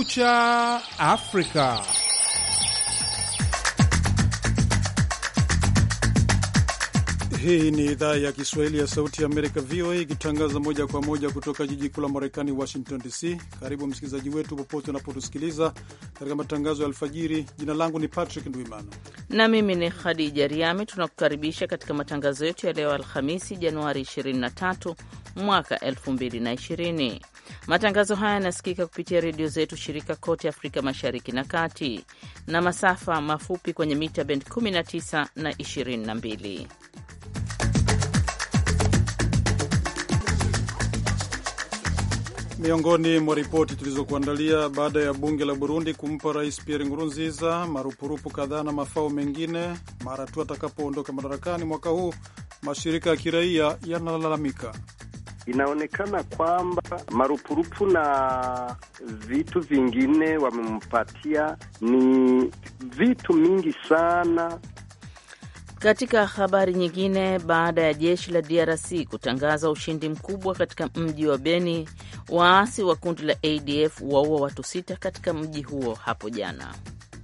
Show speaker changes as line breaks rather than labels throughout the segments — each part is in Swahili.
Kucha
Afrika. Hii ni idhaa ya Kiswahili ya Sauti ya Amerika, VOA, ikitangaza moja kwa moja kutoka jiji kuu la Marekani, Washington DC. Karibu msikilizaji wetu popote unapotusikiliza katika matangazo ya alfajiri. Jina langu ni Patrick Ndwimana
na mimi ni Khadija Riami. Tunakukaribisha katika matangazo yetu ya leo Alhamisi, Januari 23 mwaka 2020. Matangazo haya yanasikika kupitia redio zetu shirika kote Afrika Mashariki na Kati na masafa mafupi kwenye mita bend 19 na 22.
Miongoni mwa ripoti tulizokuandalia, baada ya bunge la Burundi kumpa rais Pierre Nkurunziza marupurupu kadhaa na mafao mengine mara tu atakapoondoka madarakani mwaka huu, mashirika ya kiraia yanalalamika.
Inaonekana kwamba marupurupu na vitu vingine wamempatia ni vitu mingi sana
katika habari nyingine, baada ya jeshi la DRC kutangaza ushindi mkubwa katika mji wa Beni, waasi wa kundi la ADF waua watu sita katika mji huo hapo jana.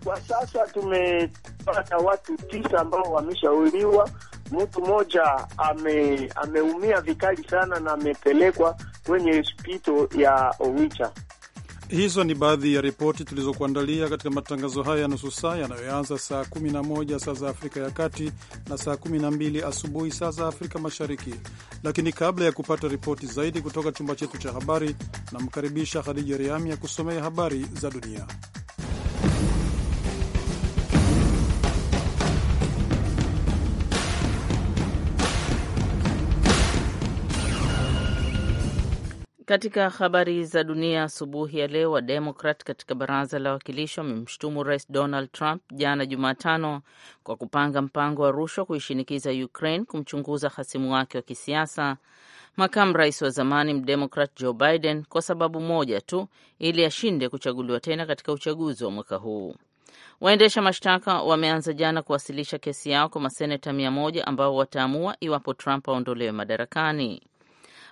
Kwa sasa tumepata watu tisa ambao wameshauliwa, mtu mmoja ame, ameumia vikali sana na amepelekwa kwenye hospitali ya Owicha.
Hizo ni baadhi ya ripoti tulizokuandalia katika matangazo haya ya nusu saa yanayoanza saa 11 saa za Afrika ya Kati na saa 12 asubuhi saa za Afrika Mashariki. Lakini kabla ya kupata ripoti zaidi kutoka chumba chetu cha habari, namkaribisha Khadija Riami ya kusomea habari za dunia.
Katika habari za dunia asubuhi ya leo, Wademokrat katika baraza la wawakilishi wamemshutumu Rais Donald Trump jana Jumatano kwa kupanga mpango wa rushwa kuishinikiza Ukraine kumchunguza hasimu wake wa kisiasa, makamu rais wa zamani Mdemokrat Joe Biden, kwa sababu moja tu, ili ashinde kuchaguliwa tena katika uchaguzi wa mwaka huu. Waendesha mashtaka wameanza jana kuwasilisha kesi yao kwa maseneta mia moja ambao wataamua iwapo Trump aondolewe madarakani.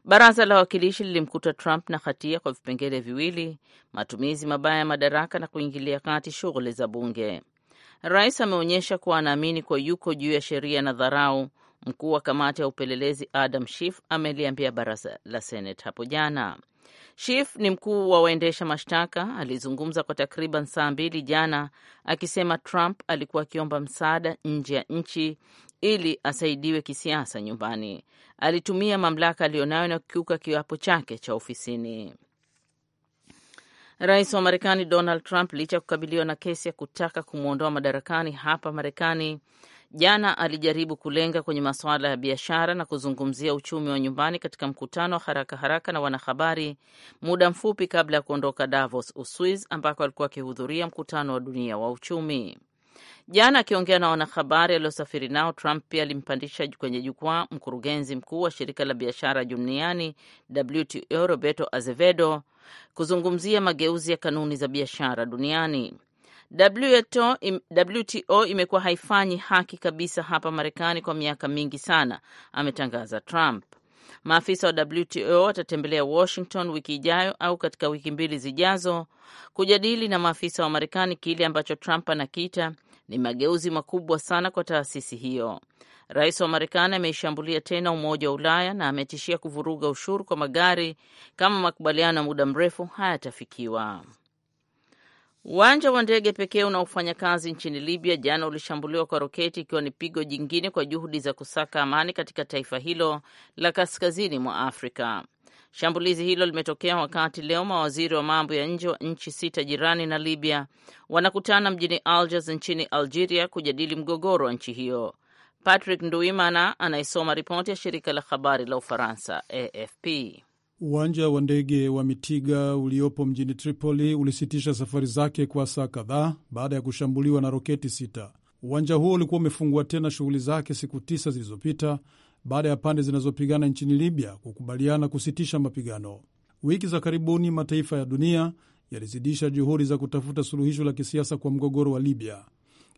Baraza la Wawakilishi lilimkuta Trump na hatia kwa vipengele viwili: matumizi mabaya ya madaraka na kuingilia kati shughuli za bunge. Rais ameonyesha kuwa anaamini kuwa yuko juu ya sheria na dharau. Mkuu wa kamati ya upelelezi Adam Schiff ameliambia baraza la Senate hapo jana. Shif ni mkuu wa waendesha mashtaka, alizungumza kwa takriban saa mbili jana akisema Trump alikuwa akiomba msaada nje ya nchi ili asaidiwe kisiasa nyumbani. Alitumia mamlaka aliyonayo na kukiuka kiapo chake cha ofisini. Rais wa Marekani Donald Trump, licha ya kukabiliwa na kesi ya kutaka kumwondoa madarakani hapa Marekani, Jana alijaribu kulenga kwenye masuala ya biashara na kuzungumzia uchumi wa nyumbani katika mkutano wa haraka haraka na wanahabari muda mfupi kabla ya kuondoka Davos, Uswiz, ambako alikuwa akihudhuria mkutano wa dunia wa uchumi. Jana akiongea na wanahabari aliosafiri nao, Trump pia alimpandisha kwenye jukwaa mkurugenzi mkuu wa shirika la biashara duniani WTO Roberto Azevedo kuzungumzia mageuzi ya kanuni za biashara duniani. WTO imekuwa haifanyi haki kabisa hapa Marekani kwa miaka mingi sana, ametangaza Trump. Maafisa wa WTO watatembelea Washington wiki ijayo au katika wiki mbili zijazo kujadili na maafisa wa Marekani kile ambacho Trump anakiita ni mageuzi makubwa sana kwa taasisi hiyo. Rais wa Marekani ameishambulia tena Umoja wa Ulaya na ametishia kuvuruga ushuru kwa magari kama makubaliano ya muda mrefu hayatafikiwa. Uwanja wa ndege pekee unaofanya kazi nchini Libya jana ulishambuliwa kwa roketi, ikiwa ni pigo jingine kwa juhudi za kusaka amani katika taifa hilo la kaskazini mwa Afrika. Shambulizi hilo limetokea wakati leo mawaziri wa mambo ya nje wa nchi sita jirani na Libya wanakutana mjini Algiers nchini Algeria kujadili mgogoro wa nchi hiyo. Patrick Nduimana anayesoma ripoti ya shirika la habari la Ufaransa, AFP.
Uwanja wa ndege wa Mitiga uliopo mjini Tripoli ulisitisha safari zake kwa saa kadhaa baada ya kushambuliwa na roketi sita. Uwanja huo ulikuwa umefungua tena shughuli zake siku tisa zilizopita baada ya pande zinazopigana nchini Libya kukubaliana kusitisha mapigano. Wiki za karibuni mataifa ya dunia yalizidisha juhudi za kutafuta suluhisho la kisiasa kwa mgogoro wa Libya.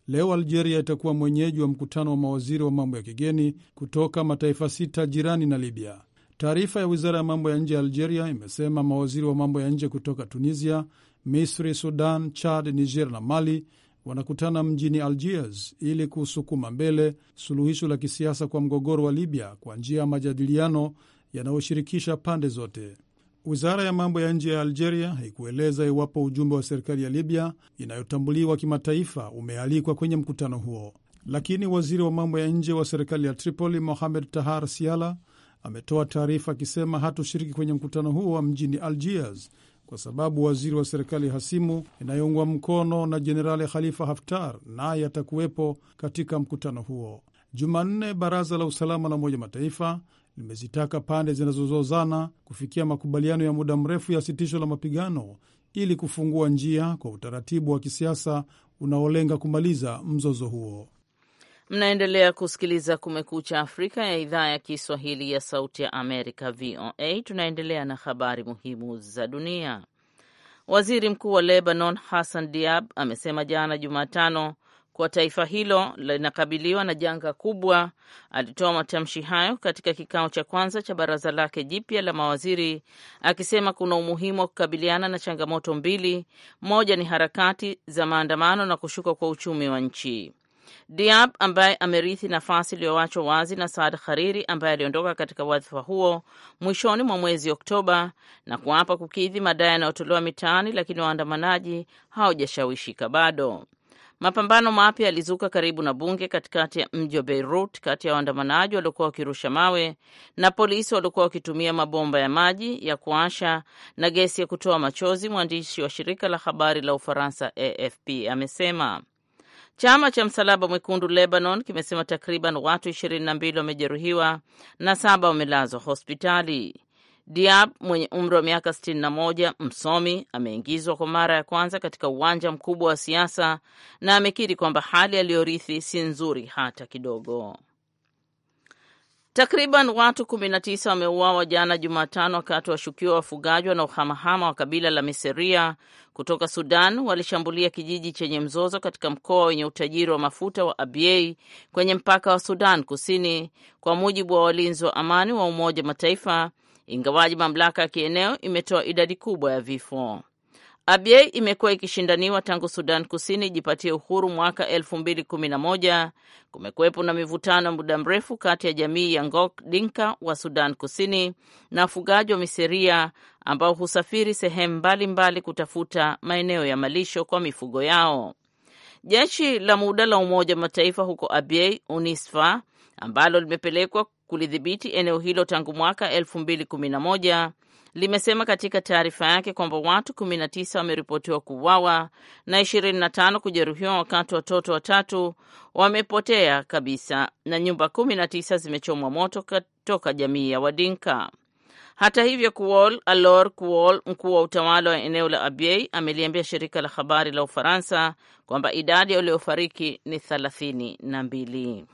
Leo Algeria itakuwa mwenyeji wa mkutano wa mawaziri wa mambo ya kigeni kutoka mataifa sita jirani na Libya. Taarifa ya wizara ya mambo ya nje ya Algeria imesema mawaziri wa mambo ya nje kutoka Tunisia, Misri, Sudan, Chad, Niger na Mali wanakutana mjini Algiers ili kusukuma mbele suluhisho la kisiasa kwa mgogoro wa Libya kwa njia ya majadiliano yanayoshirikisha pande zote. Wizara ya mambo ya nje ya Algeria haikueleza iwapo ujumbe wa serikali ya Libya inayotambuliwa kimataifa umealikwa kwenye mkutano huo, lakini waziri wa mambo ya nje wa serikali ya Tripoli, Mohamed Tahar Siala, ametoa taarifa akisema hatoshiriki kwenye mkutano huo wa mjini Algiers kwa sababu waziri wa serikali hasimu inayoungwa mkono na Jenerali Khalifa Haftar naye atakuwepo katika mkutano huo. Jumanne, baraza la usalama la Umoja Mataifa limezitaka pande zinazozozana kufikia makubaliano ya muda mrefu ya sitisho la mapigano ili kufungua njia kwa utaratibu wa kisiasa unaolenga kumaliza mzozo huo.
Mnaendelea kusikiliza Kumekucha Afrika ya idhaa ya Kiswahili ya Sauti ya Amerika, VOA. Tunaendelea na habari muhimu za dunia. Waziri mkuu wa Lebanon Hassan Diab amesema jana Jumatano kuwa taifa hilo linakabiliwa na janga kubwa. Alitoa matamshi hayo katika kikao cha kwanza cha baraza lake jipya la mawaziri, akisema kuna umuhimu wa kukabiliana na changamoto mbili, moja ni harakati za maandamano na kushuka kwa uchumi wa nchi. Diab ambaye amerithi nafasi iliyoachwa wazi na Saad Hariri ambaye aliondoka katika wadhifa huo mwishoni mwa mwezi Oktoba na kuapa kukidhi madai yanayotolewa mitaani, lakini waandamanaji hawajashawishika bado. Mapambano mapya yalizuka karibu na bunge katikati ya mji wa Beirut kati ya waandamanaji waliokuwa wakirusha mawe na polisi waliokuwa wakitumia mabomba ya maji ya kuasha na gesi ya kutoa machozi. Mwandishi wa shirika la habari la Ufaransa AFP amesema Chama cha Msalaba Mwekundu Lebanon kimesema takriban watu 22 wamejeruhiwa na saba wamelazwa hospitali. Diab mwenye umri wa miaka 61, msomi, ameingizwa kwa mara ya kwanza katika uwanja mkubwa wa siasa na amekiri kwamba hali aliyorithi si nzuri hata kidogo. Takriban watu 19 wameuawa jana Jumatano wakati washukiwa wafugaji wanaohamahama wa kabila la Miseria kutoka Sudan walishambulia kijiji chenye mzozo katika mkoa wenye utajiri wa mafuta wa Abyei kwenye mpaka wa Sudan Kusini, kwa mujibu wa walinzi wa amani wa Umoja Mataifa, ingawaji mamlaka ya kieneo imetoa idadi kubwa ya vifo. Abyei imekuwa ikishindaniwa tangu Sudan Kusini ijipatie uhuru mwaka 2011. na Kumekuwepo na mivutano muda mrefu kati ya jamii ya Ngok Dinka wa Sudan Kusini na wafugaji wa Miseria ambao husafiri sehemu mbalimbali kutafuta maeneo ya malisho kwa mifugo yao. Jeshi la muda la Umoja wa Mataifa huko Abyei, UNISFA, ambalo limepelekwa kulidhibiti eneo hilo tangu mwaka elfu limesema katika taarifa yake kwamba watu 19 wameripotiwa kuuawa na 25 kujeruhiwa, wakati watoto watatu wamepotea kabisa na nyumba 19 zimechomwa moto kutoka jamii ya Wadinka. Hata hivyo, Kuol Alor Kuol, mkuu wa utawala wa eneo la Abyei, ameliambia shirika la habari la Ufaransa kwamba idadi waliofariki ni 32.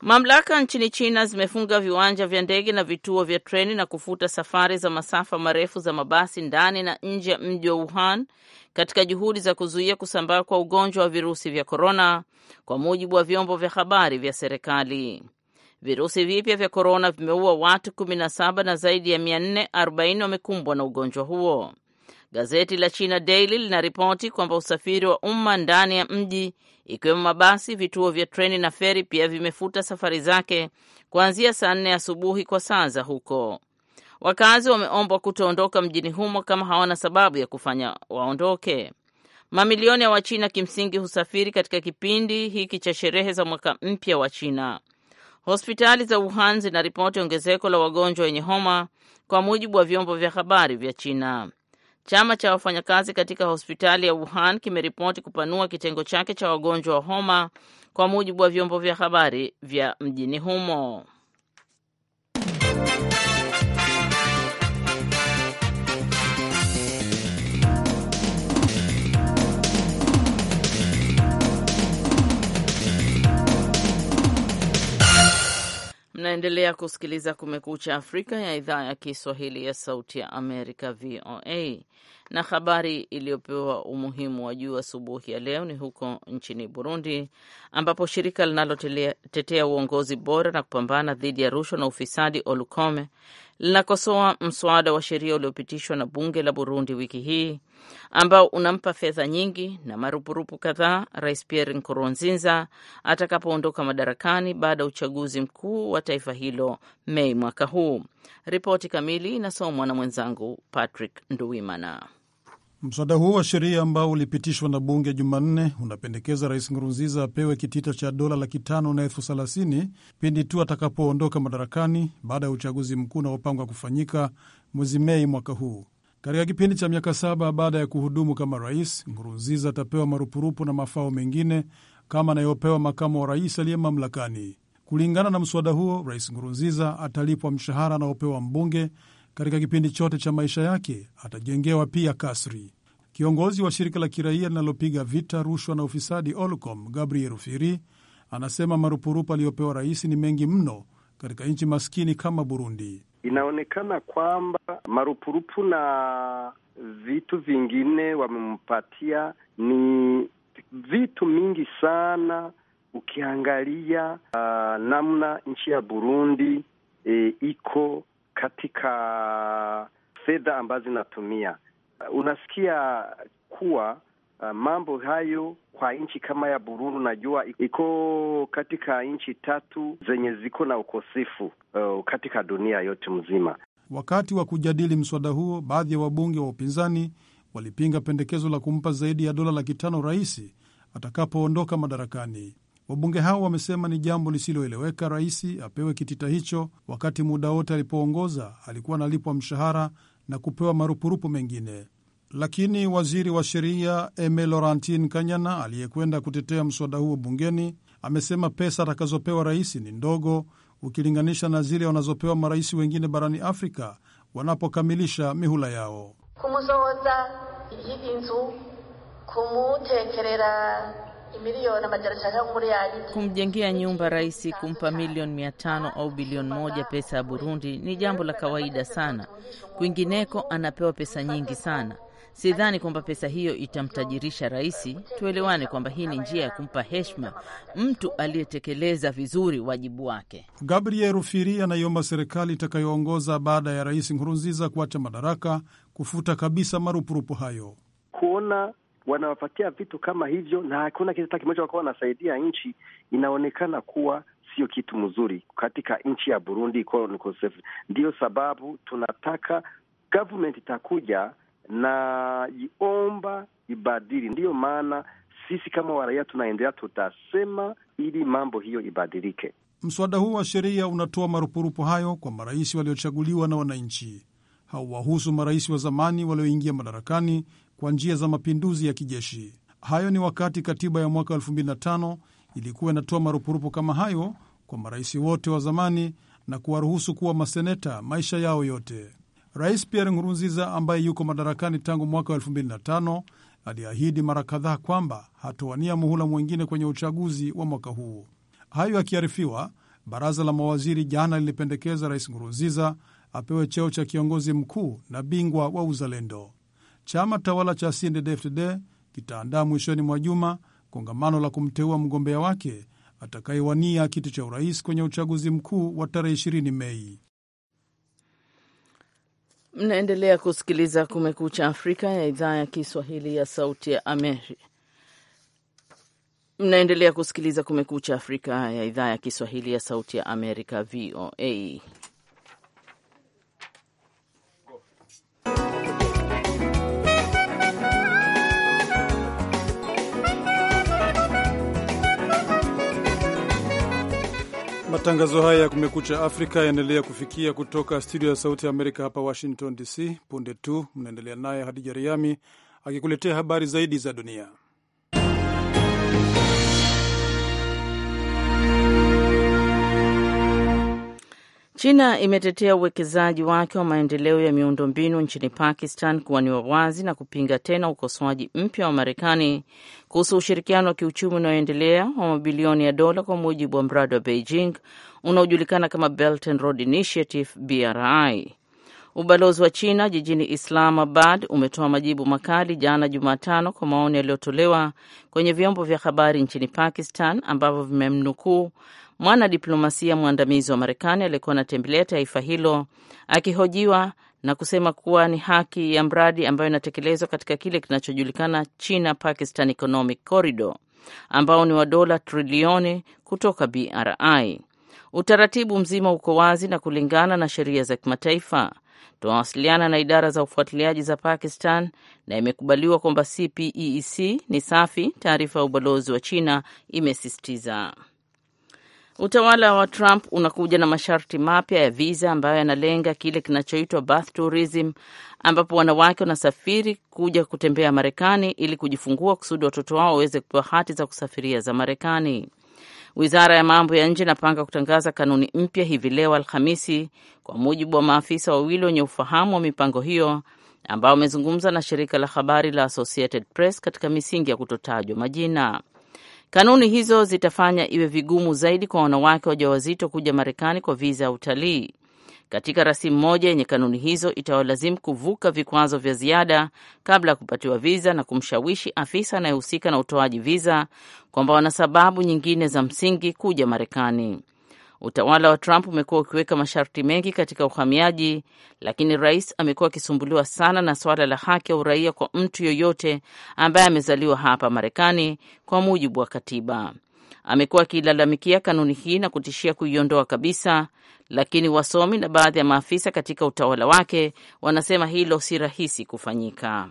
Mamlaka nchini China zimefunga viwanja vya ndege na vituo vya treni na kufuta safari za masafa marefu za mabasi ndani na nje ya mji wa Wuhan katika juhudi za kuzuia kusambaa kwa ugonjwa wa virusi vya korona, kwa mujibu wa vyombo vya habari vya serikali. Virusi vipya vya korona vimeua watu 17 na zaidi ya 440 wamekumbwa na ugonjwa huo. Gazeti la China Daily linaripoti kwamba usafiri wa umma ndani ya mji ikiwemo mabasi, vituo vya treni na feri pia vimefuta safari zake kuanzia saa nne asubuhi kwa saa za huko. Wakazi wameombwa kutoondoka mjini humo kama hawana sababu ya kufanya waondoke. Mamilioni ya Wachina kimsingi husafiri katika kipindi hiki cha sherehe za mwaka mpya wa China. Hospitali za Wuhan zinaripoti ongezeko la wagonjwa wenye homa, kwa mujibu wa vyombo vya habari vya China. Chama cha wafanyakazi katika hospitali ya Wuhan kimeripoti kupanua kitengo chake cha wagonjwa wa homa, kwa mujibu wa vyombo vya habari vya mjini humo. Mnaendelea kusikiliza Kumekucha Afrika ya idhaa ya Kiswahili ya Sauti ya Amerika, VOA. Na habari iliyopewa umuhimu wa juu asubuhi ya leo ni huko nchini Burundi, ambapo shirika linalotetea uongozi bora na kupambana dhidi ya rushwa na ufisadi Olukome linakosoa mswada wa sheria uliopitishwa na bunge la Burundi wiki hii ambao unampa fedha nyingi na marupurupu kadhaa Rais Pierre Nkurunziza atakapoondoka madarakani baada ya uchaguzi mkuu wa taifa hilo Mei mwaka huu. Ripoti kamili inasomwa na mwenzangu Patrick Nduwimana.
Mswada huo wa sheria ambao ulipitishwa na bunge Jumanne unapendekeza Rais Nkurunziza apewe kitita cha dola laki tano na elfu thelathini pindi tu atakapoondoka madarakani baada ya uchaguzi mkuu unaopangwa kufanyika mwezi Mei mwaka huu. Katika kipindi cha miaka saba baada ya kuhudumu kama rais, Nkurunziza atapewa marupurupu na mafao mengine kama anayopewa makamu wa rais aliye mamlakani. Kulingana na mswada huo, Rais Nkurunziza atalipwa mshahara anaopewa mbunge katika kipindi chote cha maisha yake atajengewa pia kasri. Kiongozi wa shirika la kiraia linalopiga vita rushwa na ufisadi Olcom, Gabriel ufiri anasema marupurupu aliyopewa rais ni mengi mno katika nchi maskini kama Burundi.
Inaonekana kwamba marupurupu na vitu vingine wamempatia ni vitu mingi sana. Ukiangalia uh, namna nchi ya Burundi e, iko katika fedha ambazo zinatumia. Unasikia kuwa uh, mambo hayo kwa nchi kama ya Burundi, najua iko katika nchi tatu zenye ziko na ukosefu uh, katika dunia yote mzima.
Wakati wa kujadili mswada huo, baadhi ya wabunge wa upinzani walipinga pendekezo la kumpa zaidi ya dola laki tano rais atakapoondoka madarakani. Wabunge hao wamesema ni jambo lisiloeleweka rais apewe kitita hicho, wakati muda wote alipoongoza alikuwa analipwa mshahara na kupewa marupurupu mengine. Lakini waziri wa sheria Eme lorantin Kanyana aliyekwenda kutetea mswada huo bungeni amesema pesa atakazopewa rais ni ndogo ukilinganisha na zile wanazopewa marais wengine barani Afrika wanapokamilisha mihula yao.
kumusohoza inzu kumutekerera Kumjengea nyumba rais, kumpa milioni mia tano au bilioni moja pesa ya Burundi ni jambo la kawaida sana. Kwingineko anapewa pesa nyingi sana. Sidhani kwamba pesa hiyo itamtajirisha rais. Tuelewane kwamba hii ni njia ya kumpa heshima mtu aliyetekeleza vizuri wajibu wake.
Gabriel Rufiri anaiomba serikali itakayoongoza baada ya rais Nkurunziza kuacha madaraka kufuta kabisa marupurupu hayo.
Kuona
wanawapatia vitu kama hivyo, na hakuna kitu hata kimoja wakawa wanasaidia nchi. Inaonekana kuwa sio kitu mzuri katika nchi ya Burundi Ndiyo sababu tunataka government itakuja na iomba ibadili. Ndiyo maana sisi kama waraia tunaendelea, tutasema ili mambo hiyo ibadilike.
Mswada huu wa sheria unatoa marupurupu hayo kwa marais waliochaguliwa na wananchi. Hauwahusu marais wa zamani walioingia madarakani kwa njia za mapinduzi ya kijeshi. Hayo ni wakati katiba ya mwaka 2005 ilikuwa inatoa marupurupu kama hayo kwa marais wote wa zamani na kuwaruhusu kuwa maseneta maisha yao yote. Rais Pierre Nkurunziza ambaye yuko madarakani tangu mwaka 2005 aliahidi mara kadhaa kwamba hatowania muhula mwingine kwenye uchaguzi wa mwaka huu. Hayo akiarifiwa baraza la mawaziri jana lilipendekeza Rais Nkurunziza apewe cheo cha kiongozi mkuu na bingwa wa uzalendo. Chama tawala cha CNDD-FDD kitaandaa mwishoni mwa juma kongamano la kumteua mgombea wake atakayewania kiti cha urais kwenye uchaguzi mkuu wa tarehe 20 Mei.
Mnaendelea kusikiliza Kumekucha Afrika ya idhaa ya Kiswahili ya Sauti ya Amerika. Mnaendelea kusikiliza Kumekucha Afrika ya idhaa ya Kiswahili ya Sauti ya Amerika, VOA.
Matangazo haya ya Kumekucha Afrika yanaendelea kufikia kutoka studio ya Sauti ya Amerika hapa Washington DC. Punde tu mnaendelea naye Hadija Riami akikuletea habari zaidi za dunia.
China imetetea uwekezaji wake wa maendeleo ya miundombinu nchini Pakistan kuwa ni wawazi na kupinga tena ukosoaji mpya wa Marekani kuhusu ushirikiano wa kiuchumi unaoendelea wa mabilioni ya dola kwa mujibu wa mradi wa Beijing unaojulikana kama Belt and Road Initiative BRI. Ubalozi wa China jijini Islamabad umetoa majibu makali jana Jumatano kwa maoni yaliyotolewa kwenye vyombo vya habari nchini Pakistan ambavyo vimemnukuu mwanadiplomasia mwandamizi wa Marekani aliyekuwa anatembelea taifa hilo akihojiwa na kusema kuwa ni haki ya mradi ambayo inatekelezwa katika kile kinachojulikana China Pakistan Economic Corridor ambao ni wa dola trilioni kutoka BRI. Utaratibu mzima uko wazi na kulingana na sheria za kimataifa. Tunawasiliana na idara za ufuatiliaji za Pakistan na imekubaliwa kwamba CPEEC e ni safi, taarifa ya ubalozi wa China imesisitiza. Utawala wa Trump unakuja na masharti mapya ya viza ambayo yanalenga kile kinachoitwa birth tourism, ambapo wanawake wanasafiri kuja kutembea Marekani ili kujifungua kusudi watoto wao waweze kupewa hati za kusafiria za Marekani. Wizara ya mambo ya nje inapanga kutangaza kanuni mpya hivi leo Alhamisi, kwa mujibu wa maafisa wawili wenye ufahamu wa mipango hiyo ambao wamezungumza na shirika la habari la Associated Press katika misingi ya kutotajwa majina. Kanuni hizo zitafanya iwe vigumu zaidi kwa wanawake wajawazito kuja Marekani kwa viza ya utalii. Katika rasimu moja yenye kanuni hizo, itawalazimu kuvuka vikwazo vya ziada kabla ya kupatiwa viza na kumshawishi afisa anayehusika na utoaji viza kwamba wana sababu nyingine za msingi kuja Marekani. Utawala wa Trump umekuwa ukiweka masharti mengi katika uhamiaji, lakini rais amekuwa akisumbuliwa sana na suala la haki ya uraia kwa mtu yoyote ambaye amezaliwa hapa Marekani kwa mujibu wa katiba. Amekuwa akiilalamikia kanuni hii na kutishia kuiondoa kabisa, lakini wasomi na baadhi ya maafisa katika utawala wake wanasema hilo si rahisi kufanyika.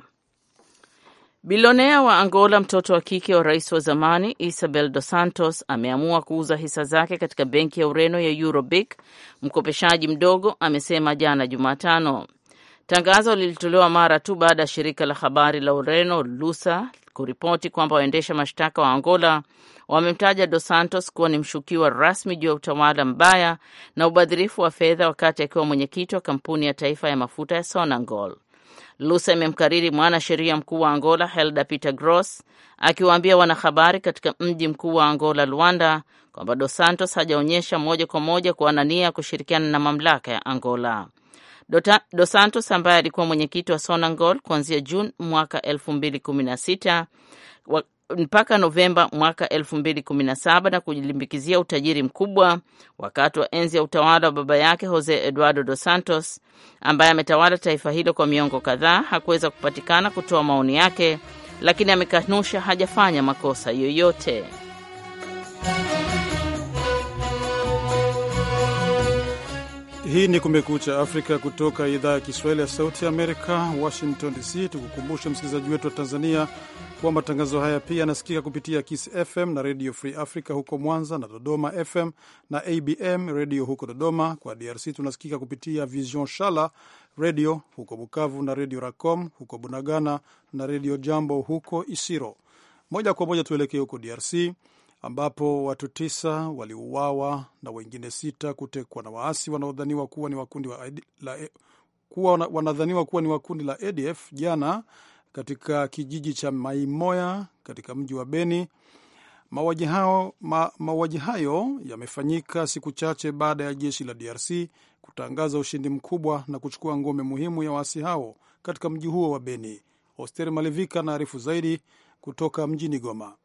Bilionea wa Angola, mtoto wa kike wa rais wa zamani Isabel Dos Santos, ameamua kuuza hisa zake katika benki ya Ureno ya Eurobic, mkopeshaji mdogo, amesema jana Jumatano. Tangazo lilitolewa mara tu baada ya shirika la habari la Ureno Lusa kuripoti kwamba waendesha mashtaka wa Angola wamemtaja Dos Santos kuwa ni mshukiwa rasmi juu ya utawala mbaya na ubadhirifu wa fedha wakati akiwa mwenyekiti wa kampuni ya taifa ya mafuta ya Sonangol. Lusa imemkariri mwanasheria mkuu wa Angola Helda Peter Gross akiwaambia wanahabari katika mji mkuu wa Angola, Luanda, kwamba Dos Santos hajaonyesha moja kwa moja kuwa na nia ya kushirikiana na mamlaka ya Angola. Dos Santos ambaye alikuwa mwenyekiti wa Sonangol kuanzia Juni mwaka 2016 mpaka Novemba mwaka 2017 na kujilimbikizia utajiri mkubwa wakati wa enzi ya utawala wa baba yake Jose Eduardo Dos Santos ambaye ametawala taifa hilo kwa miongo kadhaa. Hakuweza kupatikana kutoa maoni yake, lakini amekanusha hajafanya makosa yoyote.
Hii ni Kumekucha Afrika kutoka idhaa ya Kiswahili ya Sauti ya Amerika, Washington DC. Tukukumbushe msikilizaji wetu wa Tanzania kuwa matangazo haya pia yanasikika kupitia Kiss FM na Redio Free Africa huko Mwanza na Dodoma FM na ABM Redio huko Dodoma. Kwa DRC tunasikika kupitia Vision Shala Redio huko Bukavu na Redio Racom huko Bunagana na Redio Jambo huko Isiro. Moja kwa moja tuelekee huko DRC ambapo watu tisa waliuawa na wengine sita kutekwa na waasi wanaodhaniwa kuwa ni wakundi la, la, e, kuwa wanadhaniwa kuwa ni wakundi la ADF jana katika kijiji cha Maimoya katika mji wa Beni. Mauaji ma, hayo yamefanyika siku chache baada ya jeshi la DRC kutangaza ushindi mkubwa na kuchukua ngome muhimu ya waasi hao katika mji huo wa Beni. Hoster Malevika anaarifu zaidi kutoka mjini Goma.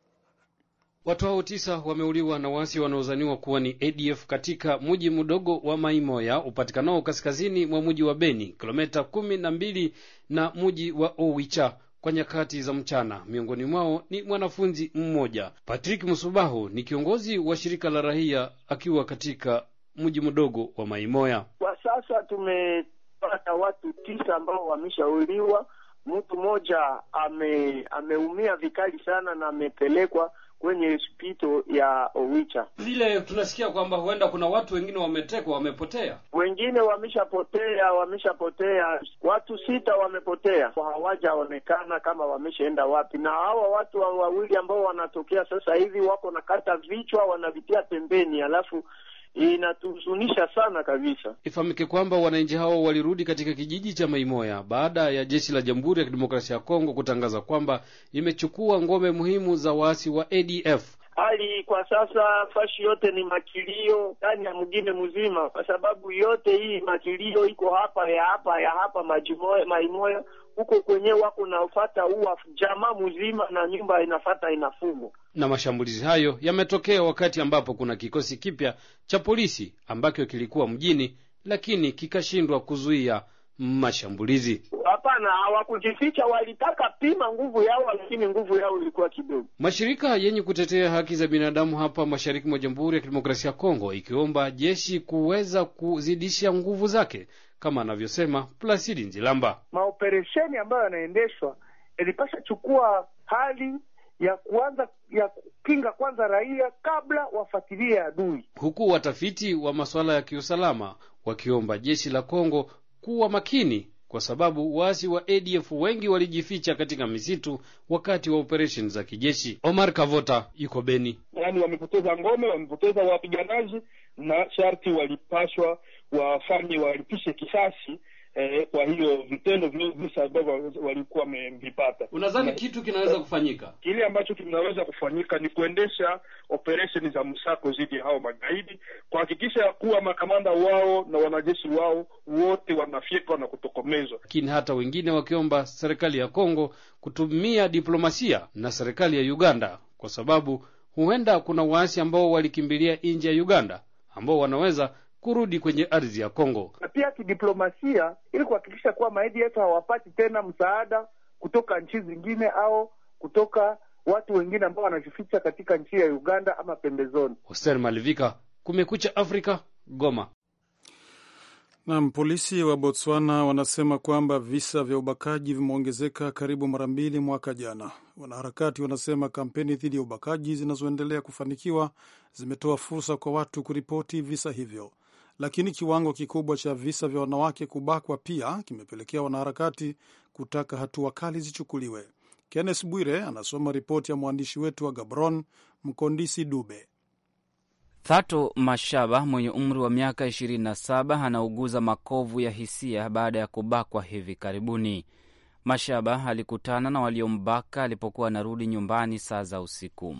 Watu hao tisa wameuliwa na waasi wanaozaniwa kuwa ni ADF katika mji mdogo wa Maimoya upatikanao kaskazini mwa mji wa Beni, kilomita kumi na mbili na mji wa Owicha kwa nyakati za mchana. Miongoni mwao ni mwanafunzi mmoja. Patrick Musubahu ni kiongozi wa shirika la raia akiwa katika mji mdogo wa Maimoya.
Kwa sasa tumepata watu tisa ambao wameshauliwa, mtu mmoja ame, ameumia vikali sana na amepelekwa kwenye spito ya Owicha.
Vile tunasikia kwamba huenda kuna watu wengine wametekwa, wamepotea,
wengine wameshapotea, wameshapotea. Watu sita wamepotea, hawajaonekana kama wameshaenda wapi. Na hawa watu wawili ambao wanatokea sasa hivi wako na kata vichwa, wanavitia pembeni, alafu inatuhuzunisha sana kabisa.
Ifahamike kwamba wananchi hao walirudi katika kijiji cha Maimoya baada ya jeshi la Jamhuri ya Kidemokrasia ya Kongo kutangaza kwamba imechukua ngome muhimu za waasi wa ADF.
Hali kwa sasa fashi yote ni makilio ndani ya mgine mzima, kwa sababu yote hii makilio iko hapa ya hapa ya hapa majimoya, Maimoya huko kwenyewe wako nafata uwa jamaa mzima na nyumba inafata inafungwa
na mashambulizi hayo yametokea wakati ambapo kuna kikosi kipya cha polisi ambacho kilikuwa mjini, lakini kikashindwa kuzuia mashambulizi.
Hapana, hawakujificha, walitaka pima nguvu yao, lakini nguvu yao ilikuwa kidogo.
Mashirika yenye kutetea haki za binadamu hapa mashariki mwa Jamhuri ya Kidemokrasia ya Kongo ikiomba jeshi kuweza kuzidisha nguvu zake, kama anavyosema Plasidi Nzilamba.
Maoperesheni ambayo yanaendeshwa yalipasha chukua hali ya kuanza ya kupinga kwanza raia kabla wafuatilie adui,
huku watafiti wa masuala ya kiusalama wakiomba jeshi la Kongo kuwa makini kwa sababu waasi wa ADF wengi walijificha katika misitu wakati wa operesheni za kijeshi. Omar Kavota yuko Beni.
Yaani wamepoteza ngome, wamepoteza wapiganaji, na sharti walipashwa wafanye walipishe kisasi eh, kwa hiyo vitendo vile visa ambavyo walikuwa wamevipata. Unadhani kitu kinaweza kufanyika? Kile ambacho kinaweza kufanyika ni kuendesha operesheni za msako dhidi ya hao magaidi, kuhakikisha kuwa makamanda wao na wanajeshi wao wote wanafyekwa na kutokomezwa,
lakini hata wengine wakiomba serikali ya Kongo kutumia diplomasia na serikali ya Uganda kwa sababu huenda kuna waasi ambao walikimbilia nje ya Uganda ambao wanaweza kurudi kwenye ardhi ya Kongo,
na pia kidiplomasia, ili kuhakikisha kuwa maidi yetu hawapati tena msaada kutoka nchi zingine au kutoka watu wengine ambao wanajificha katika nchi ya Uganda ama pembezoni.
Hosen Malivika,
Kumekucha Afrika, Goma. Nam, polisi wa Botswana wanasema kwamba visa vya ubakaji vimeongezeka karibu mara mbili mwaka jana. Wanaharakati wanasema kampeni dhidi ya ubakaji zinazoendelea kufanikiwa zimetoa fursa kwa watu kuripoti visa hivyo lakini kiwango kikubwa cha visa vya wanawake kubakwa pia kimepelekea wanaharakati kutaka hatua kali zichukuliwe. Kennes Bwire anasoma ripoti ya mwandishi wetu wa Gabron, Mkondisi Dube.
Thato Mashaba mwenye umri wa miaka 27 anauguza makovu ya hisia baada ya kubakwa hivi karibuni. Mashaba alikutana na waliombaka alipokuwa anarudi nyumbani saa za usiku.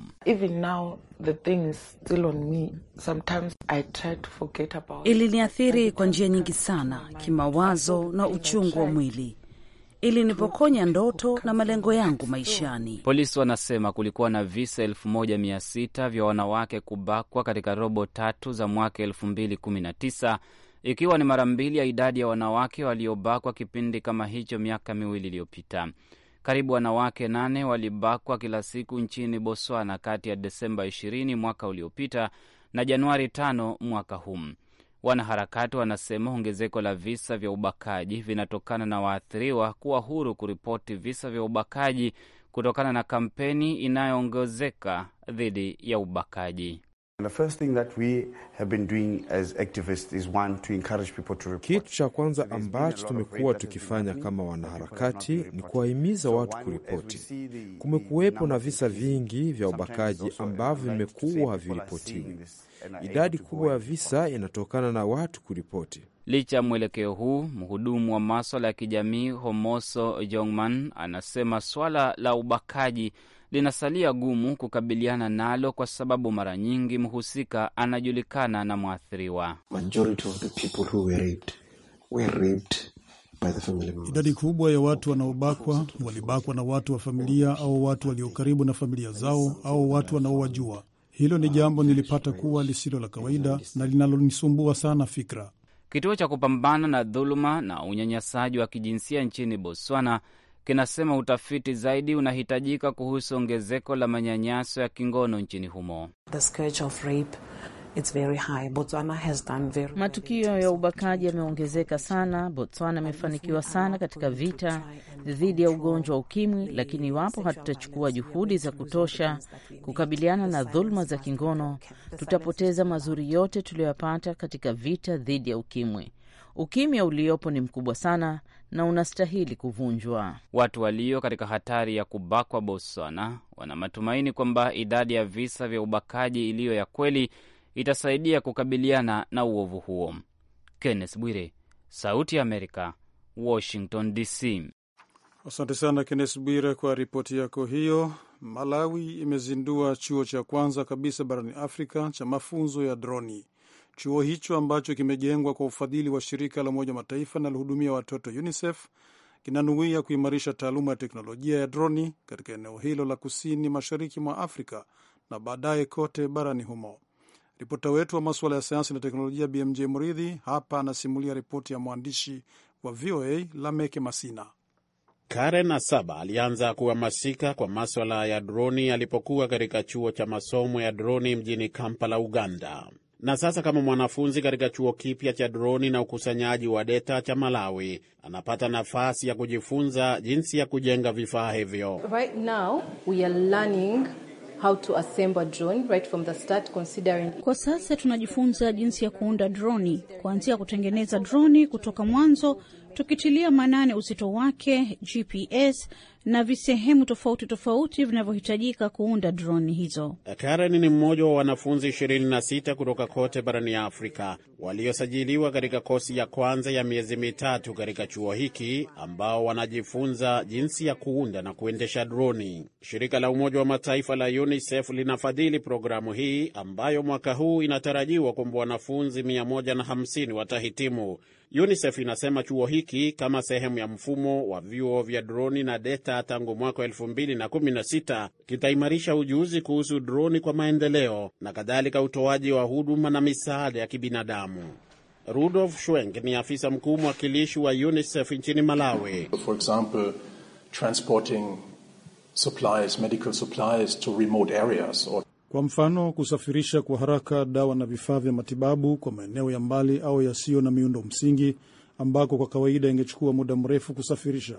Iliniathiri kwa njia nyingi sana, kimawazo na uchungu wa mwili ilinipokonya ndoto na malengo yangu maishani.
Polisi wanasema kulikuwa na visa elfu moja mia sita vya wanawake kubakwa katika robo tatu za mwaka elfu mbili kumi na tisa ikiwa ni mara mbili ya idadi ya wanawake waliobakwa kipindi kama hicho miaka miwili iliyopita. Karibu wanawake nane walibakwa kila siku nchini Botswana kati ya Desemba 20 mwaka uliopita na Januari 5 mwaka huu. Wanaharakati wanasema ongezeko la visa vya ubakaji vinatokana na waathiriwa kuwa huru kuripoti visa vya ubakaji kutokana na kampeni inayoongezeka dhidi ya ubakaji. Kitu cha kwanza ambacho tumekuwa tukifanya kama wanaharakati ni kuwahimiza watu kuripoti. Kumekuwepo na visa vingi vya ubakaji ambavyo vimekuwa haviripotiwi. Idadi kubwa ya visa inatokana na watu kuripoti. Licha ya mwelekeo huu, mhudumu wa maswala ya kijamii Homoso Jongman anasema swala la ubakaji linasalia gumu kukabiliana nalo kwa sababu mara nyingi mhusika anajulikana na mwathiriwa.
Idadi kubwa ya watu wanaobakwa walibakwa na watu wa familia au watu walio karibu na familia zao au watu wanaowajua. Hilo ni jambo nilipata kuwa lisilo la kawaida na linalonisumbua sana fikra.
Kituo cha kupambana na dhuluma na unyanyasaji wa kijinsia nchini Botswana kinasema utafiti zaidi unahitajika kuhusu ongezeko la manyanyaso ya kingono nchini humo.
matukio ya ubakaji yameongezeka sana. Botswana imefanikiwa sana katika vita dhidi ya ugonjwa wa ukimwi, lakini iwapo hatutachukua juhudi za kutosha kukabiliana na dhuluma za kingono, tutapoteza mazuri yote tuliyoyapata katika vita dhidi ya ukimwi. Ukimya uliopo ni mkubwa sana na unastahili kuvunjwa.
Watu walio katika hatari ya kubakwa Botswana wana matumaini kwamba idadi ya visa vya ubakaji iliyo ya kweli itasaidia kukabiliana na uovu huo. Kenneth Bwire, Sauti ya Amerika, Washington DC.
Asante sana Kennes Bwire kwa ripoti yako hiyo. Malawi imezindua chuo cha kwanza kabisa barani Afrika cha mafunzo ya droni. Chuo hicho ambacho kimejengwa kwa ufadhili wa shirika la Umoja Mataifa linalohudumia watoto UNICEF kinanuia kuimarisha taaluma ya teknolojia ya droni katika eneo hilo la kusini mashariki mwa Afrika na baadaye kote barani humo. Ripota wetu wa masuala ya sayansi na teknolojia BMJ Mridhi hapa anasimulia ripoti ya mwandishi wa VOA Lameke Masina.
Karen Asaba alianza kuhamasika kwa maswala ya droni alipokuwa katika chuo cha masomo ya droni mjini Kampala, Uganda na sasa kama mwanafunzi katika chuo kipya cha droni na ukusanyaji wa deta cha Malawi, anapata nafasi ya kujifunza jinsi ya kujenga vifaa hivyo.
Right now we are learning how to assemble drone right from the start considering... Kwa sasa tunajifunza jinsi ya kuunda droni, kuanzia kutengeneza droni kutoka mwanzo tukitilia manane uzito wake, GPS na visehemu tofauti tofauti vinavyohitajika kuunda droni hizo.
Karen ni mmoja wa wanafunzi 26 kutoka kote barani ya Afrika waliosajiliwa katika kosi ya kwanza ya miezi mitatu katika chuo hiki ambao wanajifunza jinsi ya kuunda na kuendesha droni. Shirika la Umoja wa Mataifa la UNICEF linafadhili programu hii ambayo mwaka huu inatarajiwa kwamba wanafunzi 150 watahitimu. UNICEF inasema chuo hiki kama sehemu ya mfumo wa vyuo vya droni na deta tangu mwaka 216 kitaimarisha ujuzi kuhusu droni kwa maendeleo na kadhalika utoaji wa huduma na misaada ya kibinadamu. Rudolf Schwenk ni afisa mkuu mwakilishi wa UNICEF
nchini Malawi. For example, transporting supplies, medical supplies to remote areas or kwa mfano, kusafirisha kwa haraka dawa na vifaa vya matibabu kwa maeneo ya mbali au yasiyo na miundo msingi ambako kwa kawaida ingechukua muda mrefu kusafirisha.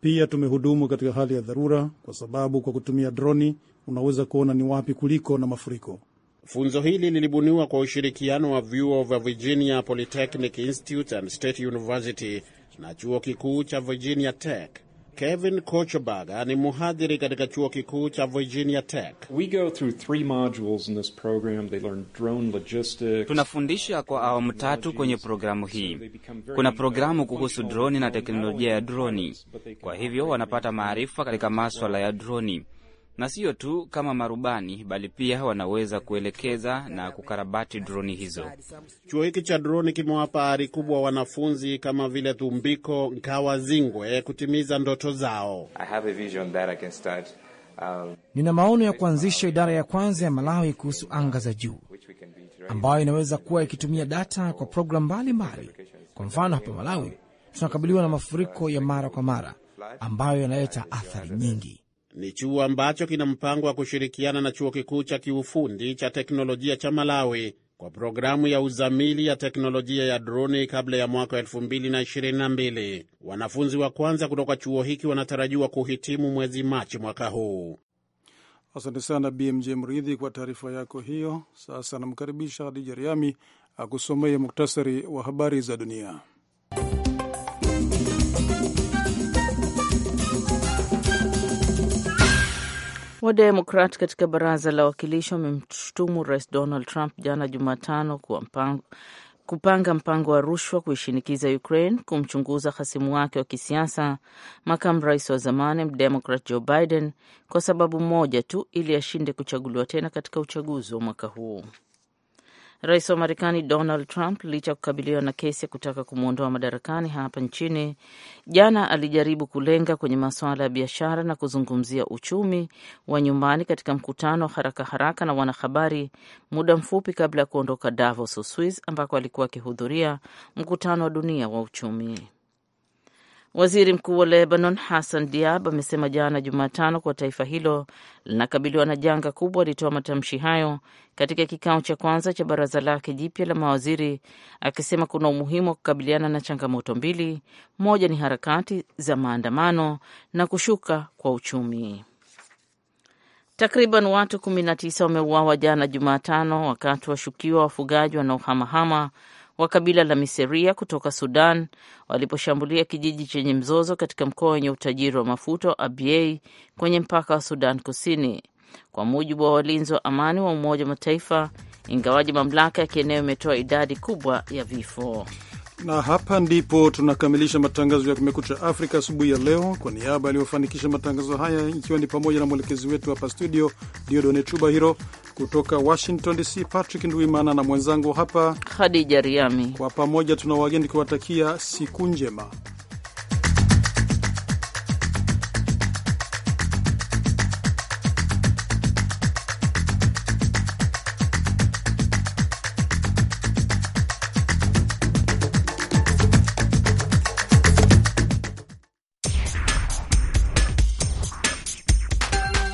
Pia tumehudumu katika hali ya dharura, kwa sababu kwa kutumia droni unaweza kuona ni wapi kuliko na mafuriko.
Funzo hili lilibuniwa kwa ushirikiano wa vyuo vya Virginia Polytechnic Institute and State University na chuo kikuu cha Virginia Tech. Kevin Kochebaga ni mhadhiri katika chuo kikuu cha Virginia Tech. We go through three modules in this program. They learn drone
logistics. Tunafundisha kwa awamu tatu kwenye programu hii. Kuna programu kuhusu droni na teknolojia ya droni, kwa hivyo wanapata maarifa katika maswala ya droni na siyo tu kama marubani, bali pia wanaweza kuelekeza na kukarabati droni hizo.
Chuo hiki cha droni kimewapa ari kubwa wanafunzi kama vile Thumbiko zingwe kutimiza ndoto zao. I have a vision that I can start, um,
nina maono ya kuanzisha idara ya kwanza ya Malawi kuhusu anga za juu ambayo inaweza kuwa ikitumia data kwa programu mbalimbali. Kwa mfano, hapa Malawi tunakabiliwa na mafuriko ya mara kwa mara ambayo yanaleta athari nyingi
ni chuo ambacho kina mpango wa kushirikiana na chuo kikuu cha kiufundi cha teknolojia cha Malawi kwa programu ya uzamili ya teknolojia ya droni kabla ya mwaka 2022. Wanafunzi wa kwanza kutoka chuo hiki wanatarajiwa kuhitimu mwezi Machi mwaka huu.
Asante sana BMJ Mridhi kwa taarifa yako hiyo. Sasa namkaribisha Hadija Riami akusomee muktasari wa habari za dunia.
Wademokrat katika baraza la wawakilishi wamemshutumu rais Donald Trump jana Jumatano mpango kupanga mpango wa rushwa kuishinikiza Ukraine kumchunguza hasimu wake wa kisiasa makamu rais wa zamani mdemokrat Joe Biden kwa sababu moja tu, ili ashinde kuchaguliwa tena katika uchaguzi wa mwaka huu. Rais wa Marekani Donald Trump, licha ya kukabiliwa na kesi ya kutaka kumwondoa madarakani hapa nchini, jana alijaribu kulenga kwenye masuala ya biashara na kuzungumzia uchumi wa nyumbani katika mkutano wa haraka haraka na wanahabari muda mfupi kabla ya kuondoka Davos, Uswiz, ambako alikuwa akihudhuria mkutano wa dunia wa uchumi. Waziri mkuu wa Lebanon Hassan Diab amesema jana Jumatano kuwa taifa hilo linakabiliwa na janga kubwa. Alitoa matamshi hayo katika kikao cha kwanza cha baraza lake jipya la mawaziri, akisema kuna umuhimu wa kukabiliana na changamoto mbili, moja ni harakati za maandamano na kushuka kwa uchumi. Takriban watu 19 wameuawa jana Jumatano wakati washukiwa wafugaji wanaohamahama wa kabila la Miseria kutoka Sudan waliposhambulia kijiji chenye mzozo katika mkoa wenye utajiri wa mafuta wa Abyei kwenye mpaka wa Sudan Kusini, kwa mujibu wa walinzi wa amani wa Umoja wa Mataifa, ingawaji mamlaka ya kieneo imetoa idadi kubwa ya vifo.
Na hapa ndipo tunakamilisha matangazo ya Kumekucha Afrika asubuhi ya leo. Kwa niaba yaliyofanikisha matangazo haya, ikiwa ni pamoja na mwelekezi wetu hapa studio Diodone chuba hiro kutoka Washington DC Patrick Ndwimana na mwenzangu hapa Hadija Riami, kwa pamoja tuna wageni kuwatakia siku njema.